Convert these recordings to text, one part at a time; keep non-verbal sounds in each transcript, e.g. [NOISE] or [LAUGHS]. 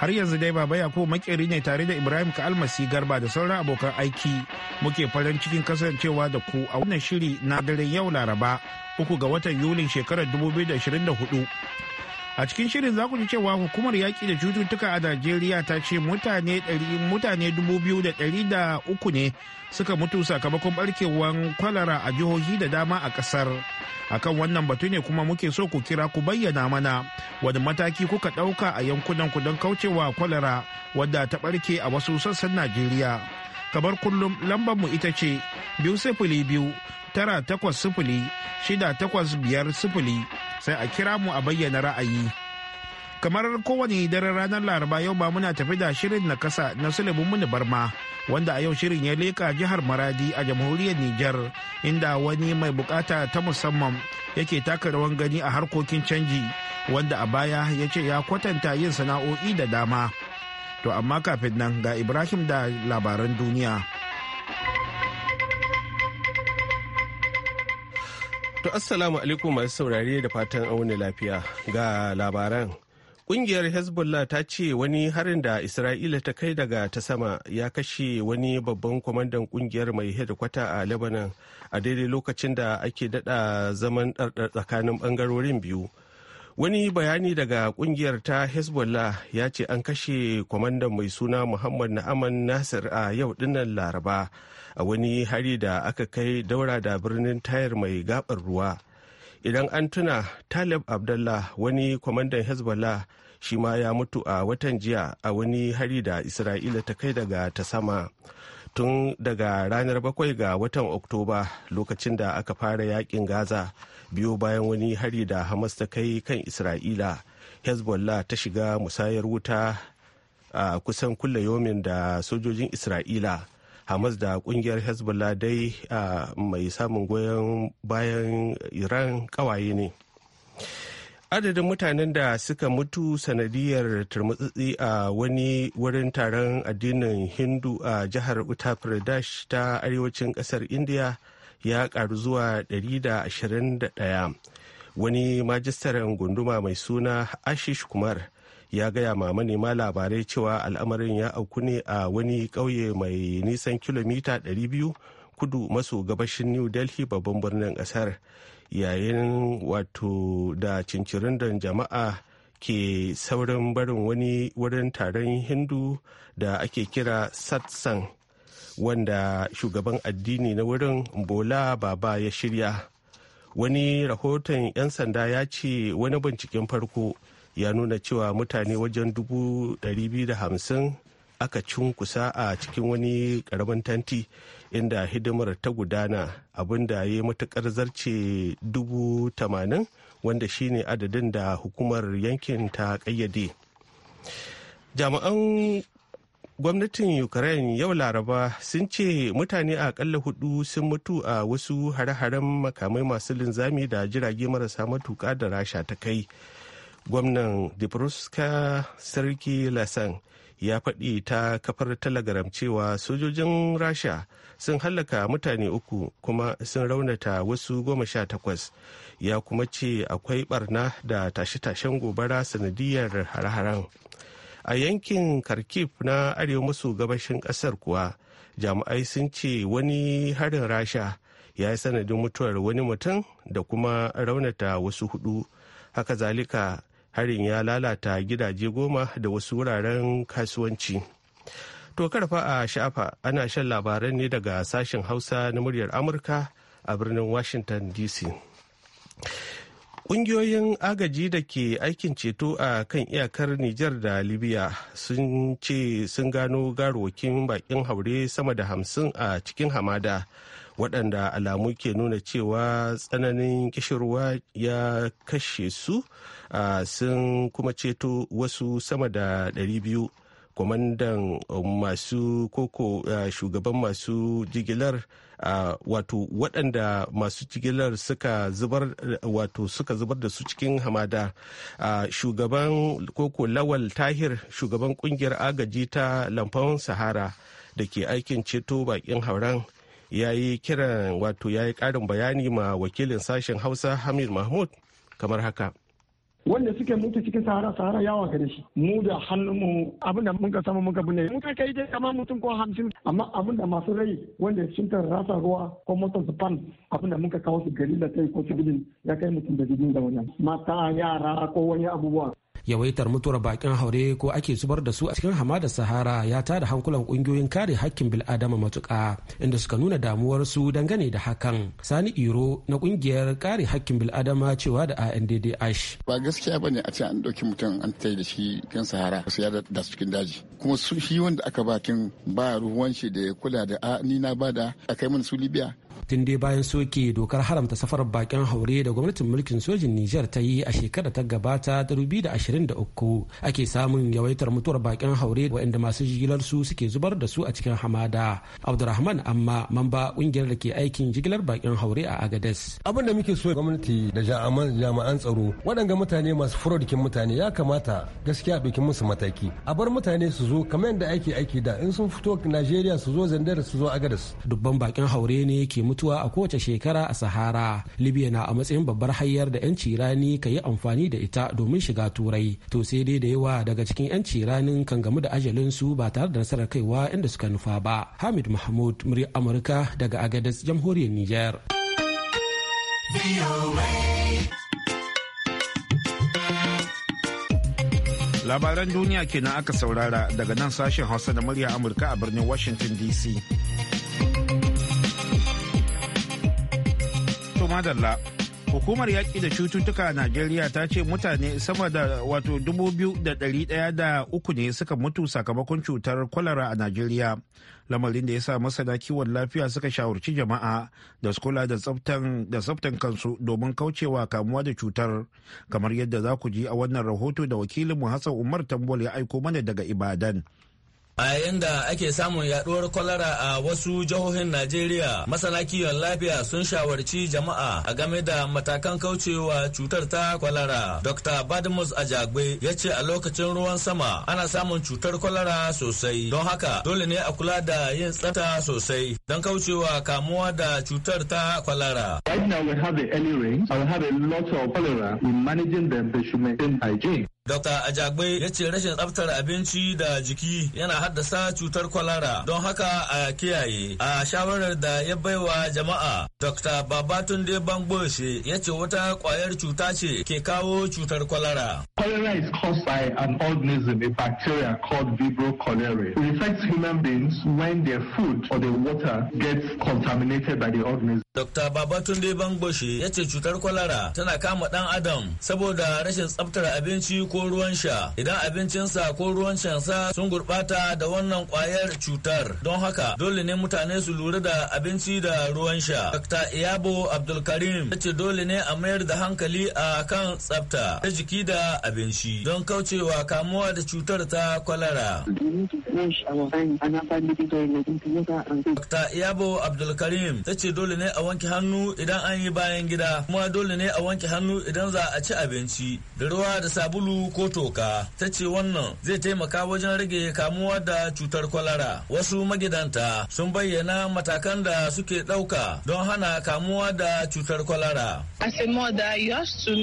har yanzu dai baba yako makeri ne tare da ibrahim almasi garba da sauran abokan aiki muke farin cikin kasancewa da ku a wannan shiri na daren yau laraba uku ga watan yulin shekarar 2024 a cikin shirin za ku ji cewa hukumar yaƙi da cututtuka a najeriya ta ce mutane mutane uku ne suka mutu sakamakon barkewar kwalara a jihohi da dama a ƙasar. akan wannan batu ne kuma muke so ku kira ku bayyana mana wani mataki kuka ɗauka a yankunan ku don kaucewa kwalara wadda ta ɓarke a wasu sassan najeriya kamar kullum lambar mu ita ce biyu sifili biyu tara takwas sifili shida takwas biyar sifili sai a kira mu a bayyana ra'ayi kamar kowane daren ranar laraba yau ba muna tafi da shirin na kasa na sulebin barma wanda a yau shirin ya leka jihar maradi a jamhuriyar niger inda wani mai bukata ta musamman yake taka rawan gani a harkokin canji wanda a baya ya ce ya kwatanta yin sana'o'i da dama to amma kafin nan ga ibrahim da labaran duniya to assalamu alaikum masu saurare da fatan auni lafiya ga labaran Ƙungiyar Hezbollah ta ce wani harin da Isra'ila ta kai daga ta sama ya kashe wani babban kwamandan ƙungiyar mai hedikwata a Lebanon a daidai lokacin da ake dada zaman ɗarɗar tsakanin ɓangarorin biyu. Wani bayani daga ƙungiyar ta Hezbollah ya ce an kashe kwamandan mai suna Muhammad Na'aman Nasir a yau dinnan Laraba a wani hari da aka kai daura da birnin tayar mai gabar ruwa. idan an tuna talib abdullah wani kwamandan hezbollah shi ma ya mutu a watan jiya a wani hari da isra'ila ta kai daga ta sama tun daga ranar bakwai ga watan oktoba lokacin da aka fara yakin gaza biyo bayan wani hari da hamas ta kai kan isra'ila hezbollah ta shiga musayar wuta a kusan kulle yomin da sojojin isra'ila hamas da kungiyar hezbollah dai mai samun goyon bayan iran kawaye ne adadin mutanen da suka mutu sanadiyar turmutsutsi a wani wurin taron addinin hindu a jihar uttar pradesh ta arewacin kasar india ya karu zuwa 121 wani majistaren gunduma mai suna ashish kumar ya gaya ma manema labarai cewa al'amarin ya auku ne a wani ƙauye mai nisan kilomita 200 kudu maso gabashin new delhi babban birnin ƙasar yayin wato da cincirindan jama'a ke saurin barin wani wurin taron hindu da ake kira satsang wanda shugaban addini na wurin bola baba ya shirya wani rahoton 'yan sanda ya ce wani binciken farko ya nuna cewa mutane wajen 250 aka cunkusa a cikin wani karamin tanti inda hidimar ta gudana abinda ya yi matukar zarce dubu tamanin wanda shine adadin da hukumar yankin ta kayyade jami'an gwamnatin ukraine yau laraba sun ce mutane a akalla hudu sun mutu a wasu hare-haren makamai masu linzami da jirage marasa matuka da rasha ta kai gwamnan dipruska sarki lasan ya faɗi ta kafar telegram cewa sojojin rasha sun hallaka mutane uku kuma sun raunata wasu goma sha takwas ya kuma ce akwai barna da tashe-tashen gobara sanadiyar hare-haren a yankin kharkiv na arewa maso gabashin ƙasar kuwa jami'ai sun ce wani harin rasha ya yi sanadin mutuwar wani mutum da kuma raunata wasu hudu haka zalika harin ya lalata gidaje goma da wasu wuraren kasuwanci to karfa a sha'afa ana shan labaran ne daga sashen hausa na muryar amurka a birnin washington dc Ƙungiyoyin agaji da ke aikin ceto a kan iyakar Nijar da Libya sun ce sun gano garwakin bakin haure sama da hamsin a cikin hamada waɗanda alamu ke nuna cewa tsananin kishirwa ya kashe su sun kuma ceto wasu sama da 200 kwamandan uh, masu koko uh, shugaban masu jigilar uh, wato waɗanda masu jigilar suka zubar wato suka zubar da su cikin hamada shugaban koko lawal tahir shugaban kungiyar agaji ta lamfan sahara da ke aikin ceto bakin hauran. ya yi kiran wato ya yi karin bayani ma wakilin sashen hausa hamid mahmud kamar haka wanda suke mutu cikin sahara sahara yawa da shi mu da hannunmu abinda mun ka samu muka binne mun kai dai kamar mutum ko hamsin amma abinda masu rai wanda sun ta rasa ruwa ko motar su fan abinda mun ka kawo su gari da kai ko su ya kai mutum da gidin da wani. mata yara ko wani abubuwa yawaitar mutuwar bakin haure ko ake zubar da su a cikin hamada sahara ya da hankulan kungiyoyin kare hakkin bil'adama matuka inda suka nuna damuwarsu dangane da hakan sani iro na kungiyar kare hakkin bil'adama cewa da andd ash ba gaskiya bane a ce an dauki mutum an ta da shi kan sahara su ya da su cikin daji kuma su shi wanda aka bakin ba ruwan shi da ya kula da a ni na bada a kai mana su libya tun dai bayan soke dokar haramta safarar bakin haure da gwamnatin mulkin sojin Nijar ta yi a shekarar ta gabata ta uku ake samun yawaitar mutuwar bakin haure waɗanda masu jigilar su suke zubar da su a cikin hamada. Abdurrahman amma mamba kungiyar da ke aikin jigilar bakin haure a Agades. Abin da muke so gwamnati da jami'an tsaro waɗanga mutane masu furodikin mutane ya kamata gaskiya a musu mataki. A bar mutane su zo kamar yadda ake aiki da in sun fito Najeriya su zo Zandar su zo Agades. Dubban bakin haure ne ke mutuwa a kowace shekara a sahara libya na a matsayin babbar hayar da yanci rani ka yi amfani da ita domin shiga turai to sai dai da yawa daga cikin yanci ciranin kan gamu da ajalin su ba tare da nasarar kaiwa inda suka nufa ba hamid mahmud murya amurka daga agadas jamhuriyar niger labaran duniya kenan aka saurara daga nan sashen hausa da murya amurka a birnin washington dc madalla hukumar yaƙi da cututtuka a najeriya ta ce mutane sama da wato uku ne suka mutu sakamakon cutar kwalara a najeriya lamarin da ya sa masana kiwon lafiya suka shawarci jama'a da su kula da tsaftan kansu domin kaucewa kamuwa da cutar kamar yadda za ku ji a wannan rahoto da wakilinmu hassan umar tambol ya aiko mana daga ibadan A yayin da ake samun yaduwar kwalara a wasu jihohin Najeriya, masana kiwon lafiya sun shawarci jama'a a game da matakan kaucewa cutar ta kwalara. Dr. Badmus Ajagbe ya ce a lokacin ruwan sama ana samun cutar kwalara sosai. Don haka dole ne a kula da yin tsata sosai don kaucewa kamuwa da cutar ta kwalara. Right now we have the early rains and we have a lot of cholera. In managing them, they should maintain hygiene. Dr. Ajagbe ya ce rashin tsaftar abinci da jiki yana haddasa cutar kwalara don haka a kiyaye. A shawarar da ya baiwa jama'a, Dr. Babatunde Bangbose ya ce wata kwayar cuta ce ke kawo cutar kwalara. Cholera is caused by an organism, a bacteria called Vibro cholerae. It affects human beings when their food or their water gets contaminated by the organism. Dr. Babatunde Bangbose ya ce cutar kwalara tana kama ɗan adam saboda rashin tsaftar abinci ko ruwan sha idan abincinsa ko ruwan shansa sun gurbata da wannan kwayar cutar don haka dole ne mutane su lura da abinci da ruwan sha dr iyabo abdulkarim ya ce dole ne a mayar da hankali a kan tsafta ta jiki da abinci don kaucewa kamuwa da cutar ta kwalara dr iyabo abdulkarim ta ce dole ne a wanke hannu idan an yi bayan gida kuma dole ne a wanke hannu idan za a ci abinci da ruwa da sabulu ko toka ta ce wannan zai taimaka wajen rage kamuwa da cutar kwalara wasu magidanta sun bayyana matakan da suke ɗauka don hana kamuwa da cutar kwalara as to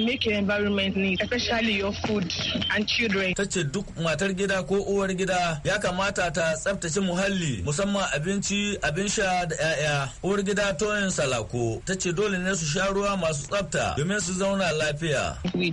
ta ce duk matar gida ko uwar gida ya kamata ta tsabtace muhalli musamman abinci abin sha da 'ya'ya uwar gida toyin salako ta ce dole ne su sha ruwa masu tsabta domin su zauna lafiya we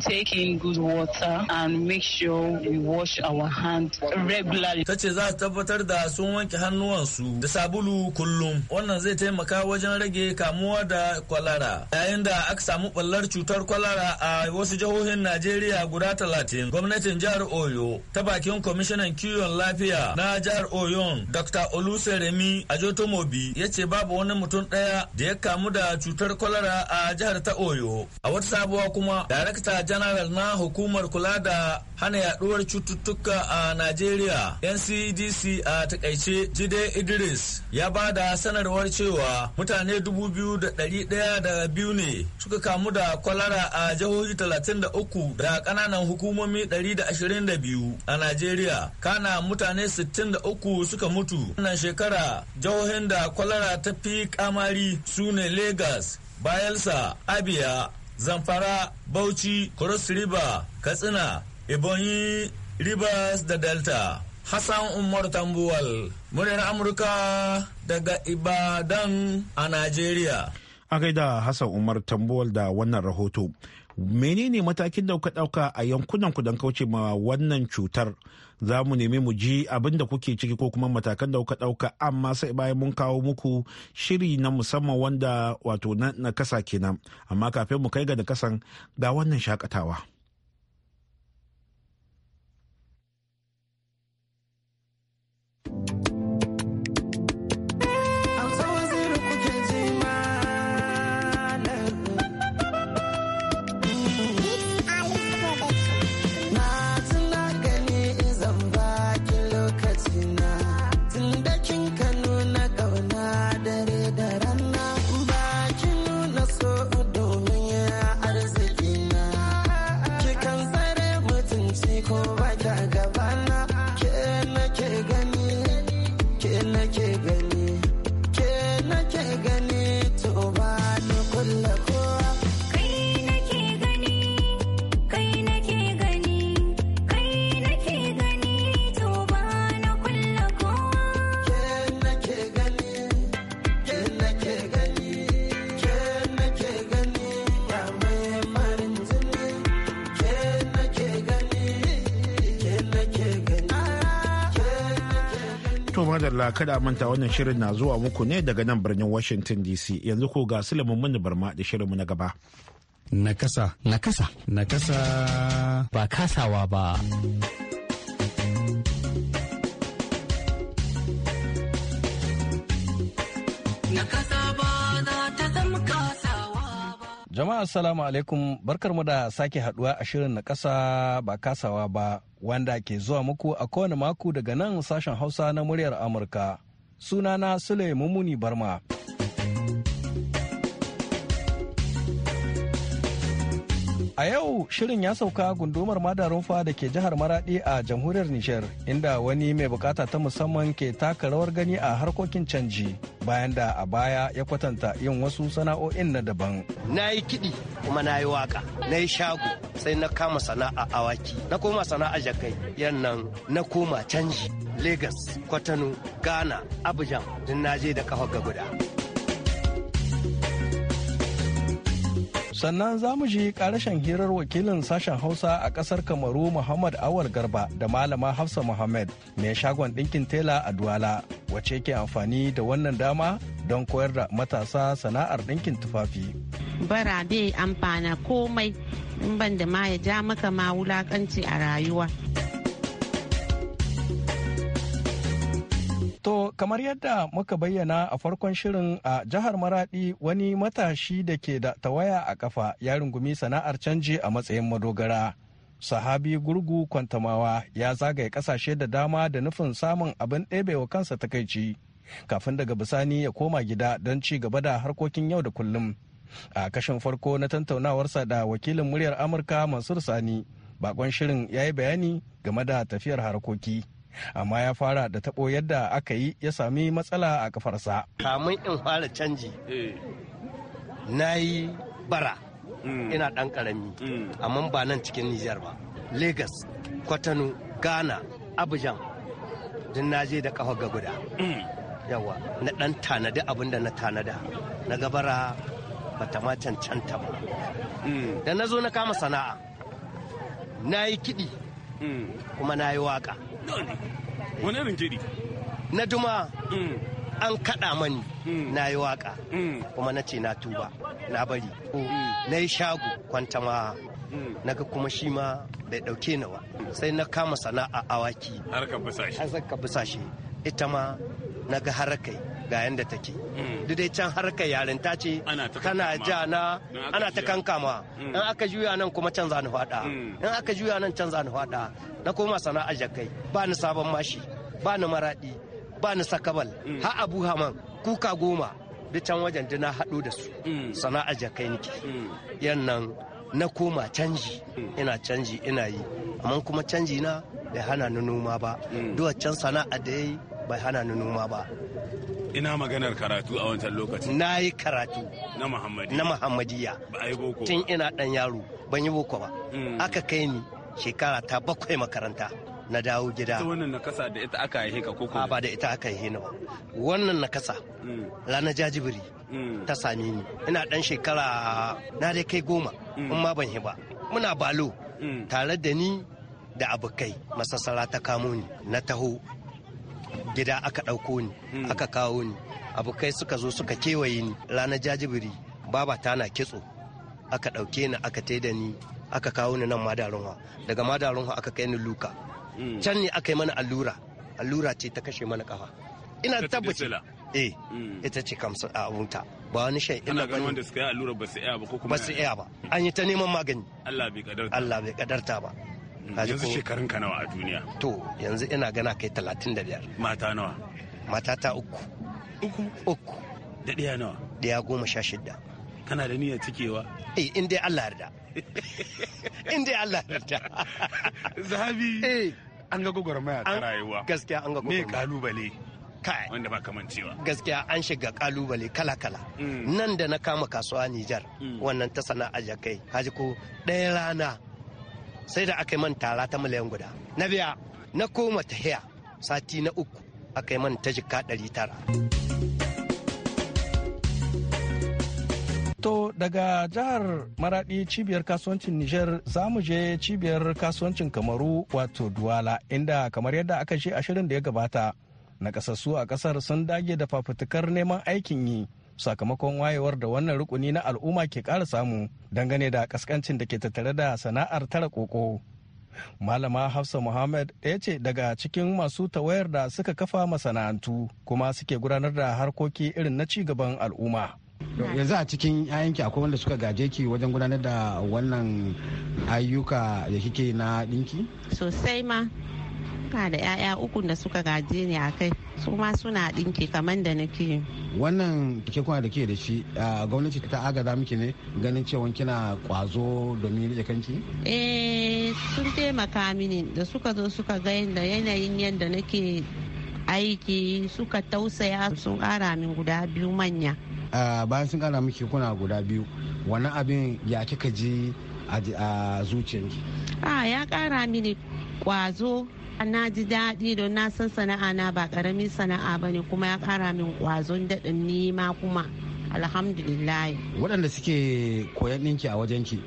and make sure we wash our hands regularly. Ta ce za ta tabbatar da sun wanke hannuwansu da sabulu kullum. Wannan zai taimaka wajen rage kamuwa da kwalara. Yayin da aka samu ɓallar cutar kwalara a wasu jihohin Najeriya guda talatin, gwamnatin jihar Oyo ta bakin kwamishinan kiwon lafiya na jihar Oyo Dr. Oluseremi Ajotomobi ya ce babu wani mutum ɗaya da ya kamu da cutar kwalara a jihar ta Oyo. A wata sabuwa kuma, Darakta Janaral na hukumar kula da da hana yaduwar cututtuka a Najeriya NCDC a takaice Jide Idris ya ba da sanarwar cewa mutane dubu biyu ne suka kamu da kwalara a jihohi talatin da uku ƙananan hukumomi 122 a Najeriya kana mutane sittin da suka mutu. Wannan shekara jihohin da kwalara ta fi kamari su ne Legas, Bayelsa, Abia, zamfara bauchi cross river katsina ebonyi rivers da delta hassan umar tambuwal muryar amurka daga ibadan a Najeriya. a gaida hassan umar tambuwal da wannan rahoto menene matakin dauka dauka a yankunan kudan kauce ma wannan cutar za mu nemi mu ji abin da kuke ciki ko kuma matakan da kuka ɗauka amma sai bayan mun kawo muku shiri na musamman wanda wato na kasa kenan amma kafin mu kai ga da kasan ga wannan shakatawa. thank you kada manta wannan shirin na zuwa muku ne daga nan birnin Washington DC yanzu ko ga Sulaiman mun Barma da shirinmu na gaba. Nakasa. Nakasa. Nakasa. Ba kasawa ba. Jama'a assalamu alaikum mu da sake haduwa a shirin na kasa ba kasawa ba wanda ke zuwa muku a kowane mako daga nan sashen Hausa na muryar Amurka. Sunana Sule Mumuni Barma. A yau shirin ya sauka gundumar Madarunfa da ke jihar Maradi a jamhuriyar Nijar inda wani mai bukata ta musamman ke taka rawar gani a harkokin canji bayan da a baya ya kwatanta yin wasu sana'o'in na daban. Na yi kiɗi kuma na yi waka, na yi shago sai na kama sana'a awaki, na koma sana'a jakai yannan na koma canji. Legas, Kwatano, Ghana, Abuja, na je da kafa ga guda. sannan za mu ji karashen hirar wakilin sashen hausa a kasar kamaru muhammad awal garba da malama hafsa muhammad mai shagon ɗinkin tela a duwala wacce ke amfani da wannan dama don koyar da matasa sana'ar ɗinkin tufafi bara bai amfana komai in ban da ma ya ja maka ma wulakanci a rayuwa kamar yadda muka bayyana a farkon shirin a jihar maradi wani matashi da ke da tawaya a kafa ya rungumi sana'ar canji a matsayin madogara sahabi gurgu kwantamawa ya zagaye kasashe da dama da nufin samun abin ɗebewa kansa takaici kafin daga bisani ya koma gida don ci gaba da harkokin yau da kullum a kashin farko na tantaunawarsa da wakilin muryar amurka mansur sani bakon shirin ya yi bayani game da tafiyar harkoki amma ya fara da tabo yadda aka yi ya sami matsala a kafarsa. kamun in fara canji na yi bara mm. ina dan karami mm. amma ba nan cikin nijar ba lagos kwatano ghana abujan din na je da kafa ga guda mm. yawa na dan tanadi abin da na tanada na gabara ta ma cancanta ba da na zo na kama sana'a na yi kiɗi kuma na yi waƙa wani irin jiri na duma mm. an kaɗa mani mm. na yi waƙa mm. kuma na ce na tuba na bari na yi shago kwantama ma na kuma shi ma bai ɗauke na ba sai na kama sana'a awaki harkar busashe ita ma na harakai ga yanda take hmm. duk dai can harka ta ce kana ja na ana ta kankama hmm. in aka juya nan kuma can za ni fada hmm. in aka juya nan can za ni fada na koma sana'ar jakai ba ni sabon mashi ba ni maradi ba ni sakabal ha abu haman kuka goma duk can wajen na haɗu da su Sana'a jakai nake yan nan na koma canji ina canji ina yi amma kuma canji na bai hana ni noma ba can sana'a da yi bai hana ni noma ba ina maganar karatu a wancan lokacin na yi karatu na muhammadiya tun ina dan yaro ban yi boko ba hmm. aka kai ni shekara ta bakwai makaranta na dawo gida. Ita wannan nakasa da ita aka yi ka koko? Ba da ita aka yi ni ba. Wannan nakasa hmm. ranar jajibiri hmm. ta same ni. Ina dan shekara na dai kai goma in ma ban ba. Muna balo tare da ni da abokai masasara ta kamo ni na taho gida aka ɗauko ni hmm. aka kawo ni abokai suka zo suka kewaye ni ranar jajibiri baba ta na kitso aka ɗauke ni aka taida ni aka kawo ni nan madarunwa daga madarunwa aka kai ni luka hmm. can ne aka yi mana allura allura ce ta kashe mana kafa ina tabbaci eh hmm. ita ce kamsa a abunta ba wani shan ina ganin wanda suka yi allura ba su iya ba ko kuma ba su iya ba an yi ta neman magani Allah bai kadarta Allah bai kadarta ba yanzu shekarun ka nawa a duniya to yanzu ina gana kai talatin da biyar mata nawa mata ta uku uku uku da ɗaya nawa ɗaya goma sha shida. kana da niyyar cikewa eh in dai Allah yarda [LAUGHS] in dai Allah yarda zahabi eh an ga gwagwarmaya ta rayuwa gaskiya an ga gwagwarmaya me kalubale kai wanda ba kaman cewa gaskiya an shiga kalubale kala kala mm. nan da na kama kasuwa Nijar mm. wannan ta sana'a jakai kaji ko ɗaya rana sai da aka yi man tara ta miliyan guda na biya na koma tahiya sati na uku aka yi man ta jika ɗari tara. To daga jihar maraɗi cibiyar kasuwancin Nijar zamu je cibiyar kasuwancin Kamaru wato Duwala inda kamar yadda aka shi ashirin da ya gabata na kasassu a kasar sun dage da fafutukar neman aikin yi sakamakon wayewar da wannan rukuni na al'umma ke kara samu dangane da kaskancin da ke tattare da sana'ar tara koko. Malama Hafsa Muhammad ɗaya ce daga cikin masu tawayar da suka kafa masana'antu kuma suke gudanar da harkoki irin na ci gaban al'umma. yanzu a cikin 'ya'yanki akwai wanda suka gaje ki wajen gudanar da wannan ayyuka da kike na ɗinki? sosai ma ina da 'ya'ya ukun da suka gaje ni a kai su ma suna dinki kamar da nake wannan kike kuma da ke da shi a gwamnati ta agaza miki ne ganin cewa kina kwazo domin rike kanki eh sun taimaka mini da suka zo suka ga yadda yanayin yadda nake aiki suka tausaya sun kara min guda biyu manya bayan sun kara miki kuna guda biyu wani abin ya kika ji a zuciyarki a ah, ya kara mini kwazo na ji daɗi don na san sana'a na ba ƙaramin sana'a ba ne kuma ya ƙara min ƙwazon daɗin nima kuma alhamdulillah waɗanda suke koyan ɗinki a wajenki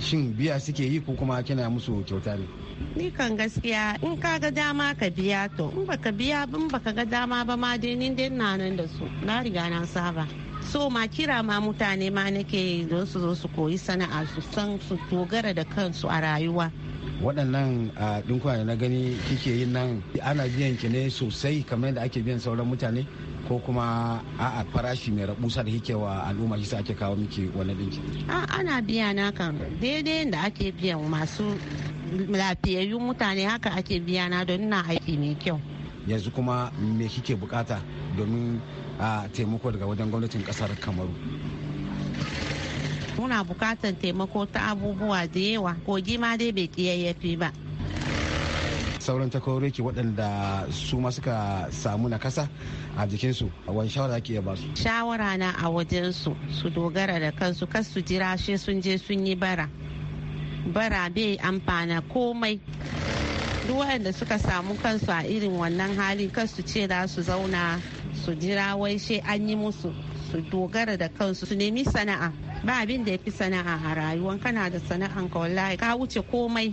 shin biya suke yi ko kuma kina musu kyauta ne ni kan gaskiya in ka ga dama ka biya to in baka biya in baka ga dama ba ma dai ni dai na nan da su na riga na saba so ma kira ma mutane ma nake don su zo su koyi sana'a su san su dogara da kansu a rayuwa waɗannan ɗinkuna da na gani kike yin nan ana biyan ki ne sosai kamar yadda ake biyan sauran mutane ko kuma a farashi mai rabusa da kike wa al'umma shi ake kawo miki wannan ɗinki ana biya na kan daidai da ake biyan masu lafiyayyun mutane haka ake biya na don na aiki mai kyau yanzu kuma me kike bukata domin a taimako daga wajen gwamnatin kasar kamaru muna bukatan taimako ta abubuwa da yawa kogi ma dai bai kiyayyafi ba sauran takwarorki waɗanda su ma suka samu na kasa a jikinsu wani shawara ke ba su shawara na a wajensu su dogara da kansu kas su jira shi sun je sun yi bara bara bai amfana komai duk waɗanda suka samu kansu a irin wannan hali kan su ce za su zauna su jira wai she an yi musu su dogara da kansu su nemi sana'a ba abin da ya fi sana'a a rayuwan kana da sana'an ka wallahi ka wuce komai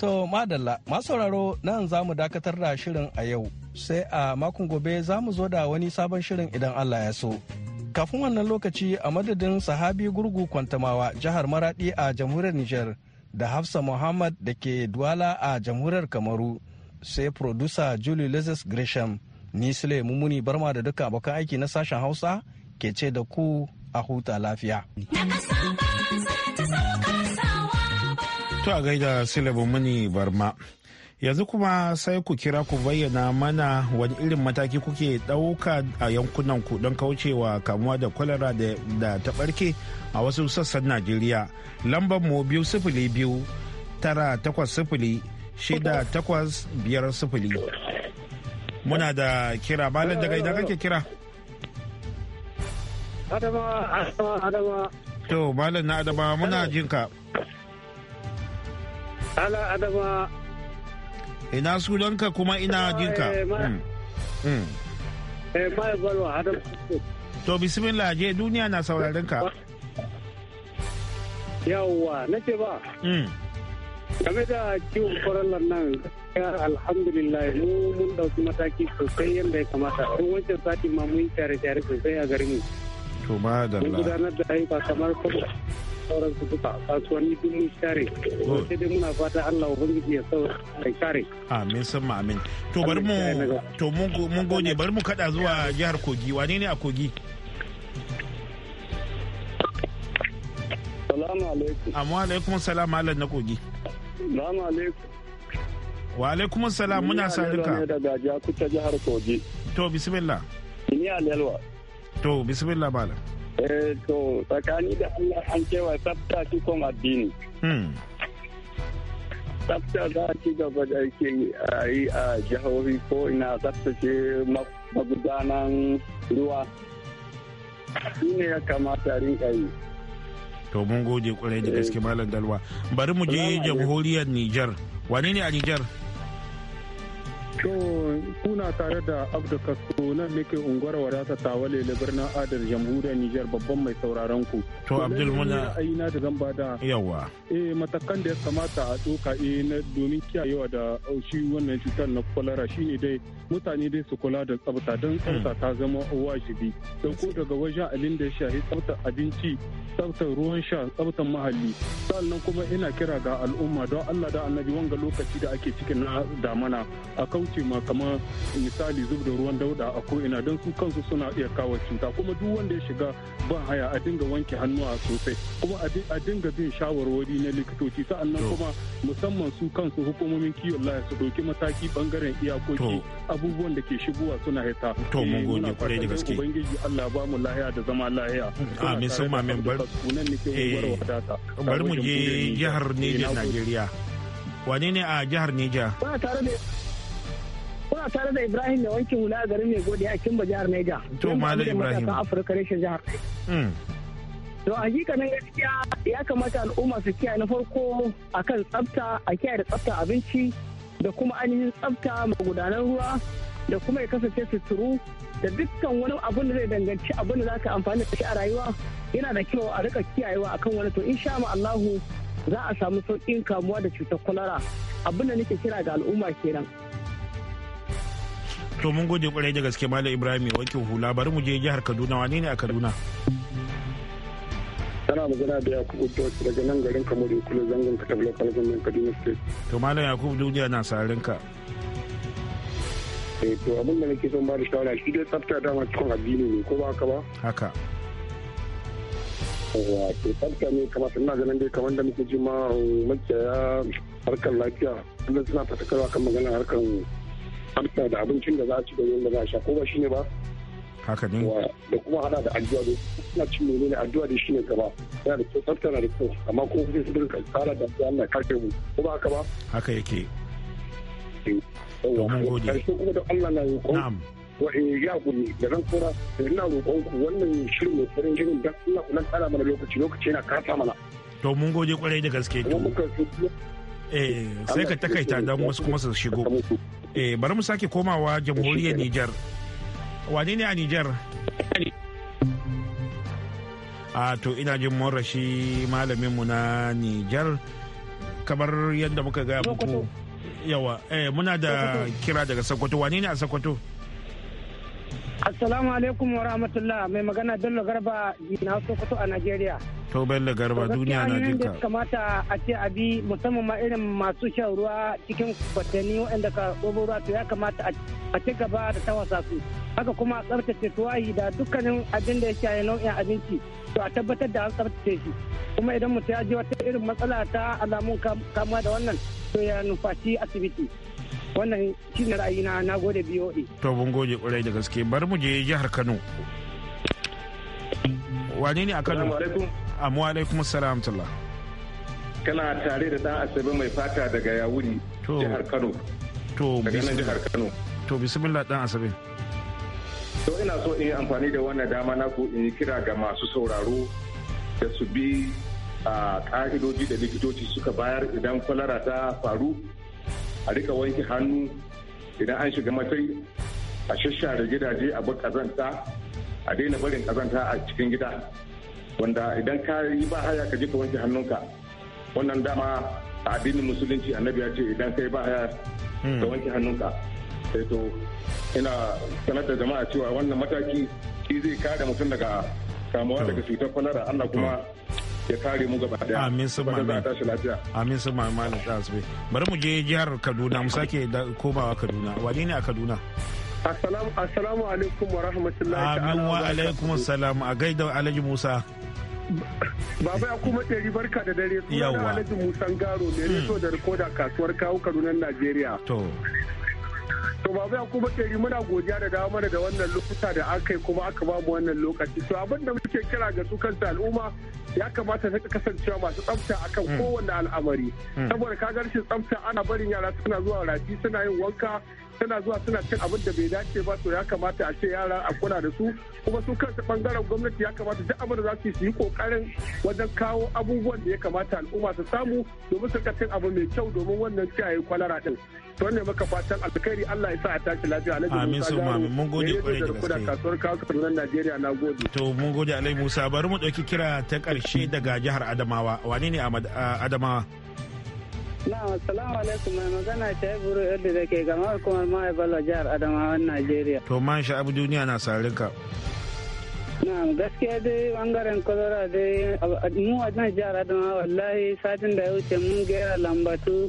To madalla masu sauraro nan za mu dakatar da shirin a yau sai a makon gobe za mu zo da wani sabon shirin idan Allah ya so. Kafin wannan lokaci a madadin sahabi gurgu kwantamawa jihar Maradi a jamhuriyar Nijar da Hafsa Muhammad da ke Duwala a jamhuriyar Kamaru sai producer Julie Lizis Gresham Ni Sule Mumuni Barma da duka abokan aiki na sashen Hausa ke ce da ku a huta lafiya. To a gaida Sule Mumuni Barma. Yanzu kuma sai ku kira ku bayyana mana wani irin mataki kuke ɗauka a yankunan ku don kaucewa kamuwa da kwalara da ta ɓarke a wasu sassan Najeriya. Lambar mu biyu sifili biyu tara takwas sifili shida takwas biyar sifili. muna da kira malam daga idan kake kira adama adama adama to malam na adama muna jin ka ala adama ina sunanka kuma ina eh, jin ka eh, hmm, hmm. Eh, adama to bismillah je duniya na sauraron ka yawwa nake ba hmm. game da kiwon kwarallar nan alhamdulillah mu mun dauki mataki sosai yadda ya kamata tun wancan sati ma mun tare-tare sosai a garin to ma da mun gudanar da ayyuka kamar kuma sauran su duka kasuwanni duk mun share sai dai muna fata Allah ubangiji ya sau kai share amin sama amin to bari mu to mun gode bari mu kada zuwa jihar Kogi wane ne a Kogi Salamu alaikum. Amma alaikum salam malam na kogi. Salamu alaikum. Wa alaikum salam muna sarika. Ni daga Jakuta jihar Kogi. To bismillah. Ni Alelwa. To bismillah bala. Eh to tsakani da Allah an cewa tsafta shi kom addini. Hmm. Tsafta za a ci gaba da ke yi a jihohi ko ina tsaftace magudanan ruwa. Shi ne ya kamata rinka yi. to mun gode kwarai da gaske malam dalwa bari mu je jamhuriyar niger wani ne a niger To kuna tare da Abdu Kasko nan nake unguwar wadata tawale na birnin Adar jamhuriyar Nijar babban mai sauraron ku. To Abdul Muna aina da zan bada. Yawa. Eh matakan da ya kamata a doka eh na domin kiyayewa da shi wannan cutar na kwalara shine dai mutane dai su kula da tsabta don hmm. tsabta ta zama wajibi. Don ko daga wajen abin da ya shafi tsabtar abinci, tsabtar ruwan sha, tsabtar muhalli. Sannan kuma ina kira ga al'umma don Allah da annabi wanga lokaci da ake cikin na damana a kauce ce ma kamar misali zub da ruwan dauda a ko'ina don su kansu suna iya kawo cuta kuma duk wanda ya shiga ban haya a dinga wanke hannuwa sosai kuma a dinga bin shawarwari na likitoci sa'annan kuma musamman su kansu hukumomin kiwon lafiya su ɗauki mataki bangaren iyakoki abubuwan da ke shigowa suna hita. To mun eh, gode kwarai da gaske. Ubangiji Allah ba mu lahiya da zama lahiya. Amin sun mamin bar. Eh, bar mu je jihar Nijar eh, Najeriya. Wane ne a jihar Nijar Ba tare da kuna tare da Ibrahim da wankin hula a garin mai gode a Kimba jihar Niger. To da Ibrahim. Kan Afirka reshen jihar. Hmm. To hakikanin gaskiya ya kamata al'umma su kiyaye na farko a kan tsafta a kiyaye da tsafta abinci da kuma ainihin tsafta magudanar ruwa da kuma ya kasance suturu da dukkan wani abun da zai danganci abun da za ka amfani da shi a rayuwa yana da kyau a rika kiyayewa a kan wani to insha Allahu za a samu sauƙin kamuwa da cutar kwalara abin da nake kira ga al'umma kenan. to mun gode kwarai da gaske malam ibrahim ya wanke hula bari mu je jihar kaduna wani ne a kaduna tana magana da yakubu doci daga nan garin kamar kula zangon ka tabbatar kalgan kaduna state to malam yakubu duniya na sarin ka eh to abin da nake son ba da shawara shi dai tsafta dama cikin addini ne ko ba haka ba haka wato tsafta ne kamata ina ganin dai kamar da muke ji ma eh, makiyaya harkar lafiya wanda suna fatakarwa kan maganar harkar tsafta da abincin da za a ci da yin da za a sha ko ba shi ne ba haka ne da kuma hada da addu'a da suna cin ne ne addu'a da shi ne gaba yana da kyau tsafta da kyau amma ko kuma su dinka tsara da Allah kare mu ko ba haka ba haka yake eh, to mun gode kuma da Allah na roƙon na'am wa in eh, ya gumi da ran kora da ina roƙon ku wannan shirin mai farin jirin dan Allah ku nan tsara mana lokaci lokaci yana kasa mana to mun gode kwarai da gaske to eh sai ka takaita dan wasu kuma su shigo eh bari mu sake komawa jamhuriyar Nijar. Wane ne a Nijar? A to ina jin morashi malamin mu na Nijar kamar yadda muka gaya muku. Yawa, eh muna da kira daga Sokoto. Wane ne a Sokoto? Assalamu alaikum wa rahmatullah mai magana Bello Garba na Sokoto a Najeriya. To Bello Garba duniya na jinka. kamata a ce a bi musamman ma irin masu shan ruwa cikin kwatanni waɗanda ka ɗobo ruwa to ya kamata a ci gaba da ta wasa su. Haka kuma a tsabtace tuwahi da dukkanin abin da ya shaye nau'in abinci to a tabbatar da an tsabtace shi. Kuma idan mutum ya ji wata irin matsala ta alamun kamuwa da wannan to ya numfashi asibiti. wannan shi na ra'ayina na gode boa to mun gode kwarai da gaske bari mu je jihar kano wane ne a kano amu alaikum ah, salam tala. kana tare da dan asabe mai fata daga yawuri jihar kano to jihar kano to bismillah dan asabe to ina so in yi amfani da wannan dama na ku in yi kira ga masu sauraro da su bi a ah, ƙa'idoji da likitoci suka bayar idan kwalara ta faru a rika wanke hannu idan an shiga matai a shashare gidaje a bar kazanta a daina barin kazanta a cikin gida wanda idan ka yi ba haya ka je ka wanke hannunka wannan dama a addinin musulunci annabi ya ce idan kai ba haya ka wanke hannunka sai eh to ina sanar da jama'a cewa wannan mataki shi zai kare mutum daga kamuwa daga cutar kwalara Allah kuma ya kare mu gaba daya amin sun mamman amin sun mamin malam tasbe bari mu je jihar kaduna mu sake komawa kaduna wani ne a kaduna assalamu alaikum wa rahmatullahi amin wa alaikum assalam a gaida alhaji musa Baba ya kuma ɗari barka da dare suna Alhaji Musan Garo da ya da rikoda kasuwar kawo Kaduna Najeriya. to ba ya kuma ɗari muna godiya da dawo mana da wannan lokuta da aka yi kuma aka bamu wannan lokaci to abin da muke kira ga su kansu al'umma ya kamata ta kasancewa masu tsafta akan hmm. kowanne al'amari hmm. saboda ka ga rashin tsafta ana barin yara suna zuwa rafi suna yin wanka suna zuwa suna cin abin da bai dace ba to ya kamata a ce yara a kula da su kuma su kansu bangaren gwamnati ya kamata duk abin da za su yi kokarin wajen kawo abubuwan da ya kamata al'umma su samu domin su abu mai kyau domin wannan kiyaye kwalara din to ne maka fatan alkhairi Allah ya sa a tashi lafiya alhaji amin sun amin mun gode kwarai da gaske kasuwar kasuwar nan Najeriya na gode to mun gode alai Musa bari mu dauki kira ta karshe daga jihar Adamawa wani ne Adamawa Na'am, assalamu alaikum mai magana ta yi buru yadda da ke gama kuma ma'ai bala jihar Adamawan Najeriya. To man abu duniya na sarin ka. Na'am, gaskiya dai bangaren kwazara dai mu wajen jihar Adamawa wallahi satin da ya wuce mun gera lambatu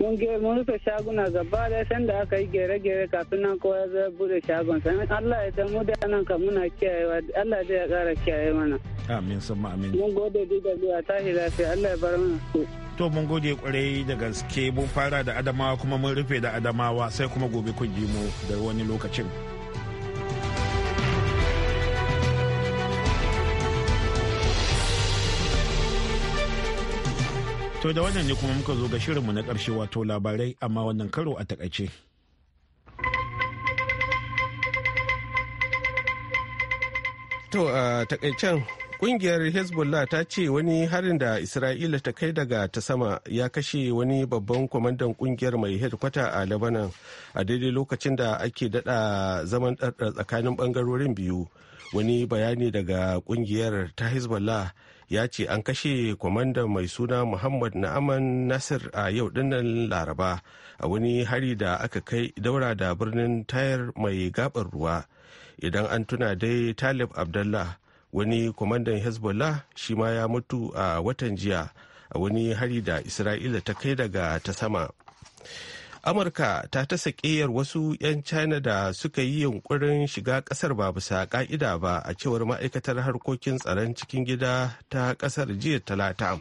mun mun rufe shaguna gaba da sanda aka yi gere-gere kafin nan kowa zai bude shagon sani. Allah ya damu da nan ka muna kiyayewa Allah zai ya kara kiyaye mana amin sun amin mun gode da a tashi lafiya Allah ya bar mana to mun gode kwarai da gaske mun fara da adamawa kuma mun rufe da adamawa sai kuma gobe kun ji mu da wani lokacin To da wannan ne kuma muka zo ga shirinmu na ƙarshe wato labarai amma wannan karo a takaice. To a takaicen Kungiyar Hezbollah ta ce wani harin da Isra'ila ta kai daga ta sama ya kashe wani babban kwamandan kungiyar mai hedkwata a Lebanon a daidai lokacin da ake dada zaman tsakanin bangarorin biyu. Wani bayani daga kungiyar ta Hezbollah ya ce an kashe kwamandan mai suna muhammad na'aman nasir a yau dinnan laraba a wani hari da aka kai daura da birnin tayar mai gabar ruwa idan an tuna dai talib abdullah wani kwamandan hezbollah shi ma ya mutu a watan jiya a wani hari da isra'ila ta kai daga ta sama amurka ta tasa keyar wasu 'yan china da suka yi yunkurin shiga kasar ba bisa ka'ida ba a cewar ma'aikatar harkokin tsaron cikin gida ta kasar jiya talata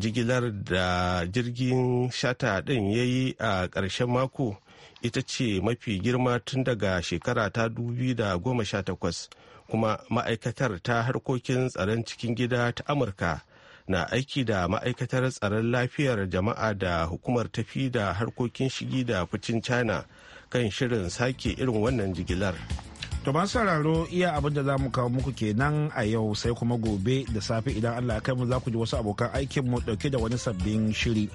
jigilar da jirgin shata din ya yi a ƙarshen mako ita ce mafi girma tun daga shekara ta 2018 kuma ma'aikatar ta harkokin tsaron cikin gida ta amurka na aiki da ma'aikatar tsaron lafiyar jama'a da hukumar tafi da harkokin shigi da ficin china kan shirin sake irin wannan jigilar to ba sauraro iya abin da za mu kawo muku kenan a yau sai kuma gobe da safe idan allah kai mu za ku ji wasu abokan aikin mu dauke da wani sabbin shiri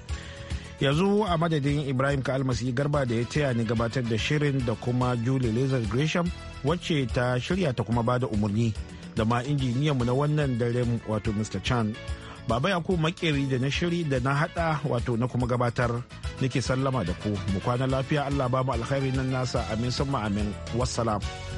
yanzu a madadin ibrahim ka almasi garba da ya taya ni gabatar da shirin da kuma julie lizard gresham wacce ta shirya ta kuma bada umarni da ma injiniyanmu na wannan dare wato Mr. Chan. Baba Yakubu makeri da na shiri da na hada wato na kuma gabatar nake sallama da ku mu kwana lafiya Allah ba mu alkhairi nan nasa amin sama amin wassalam.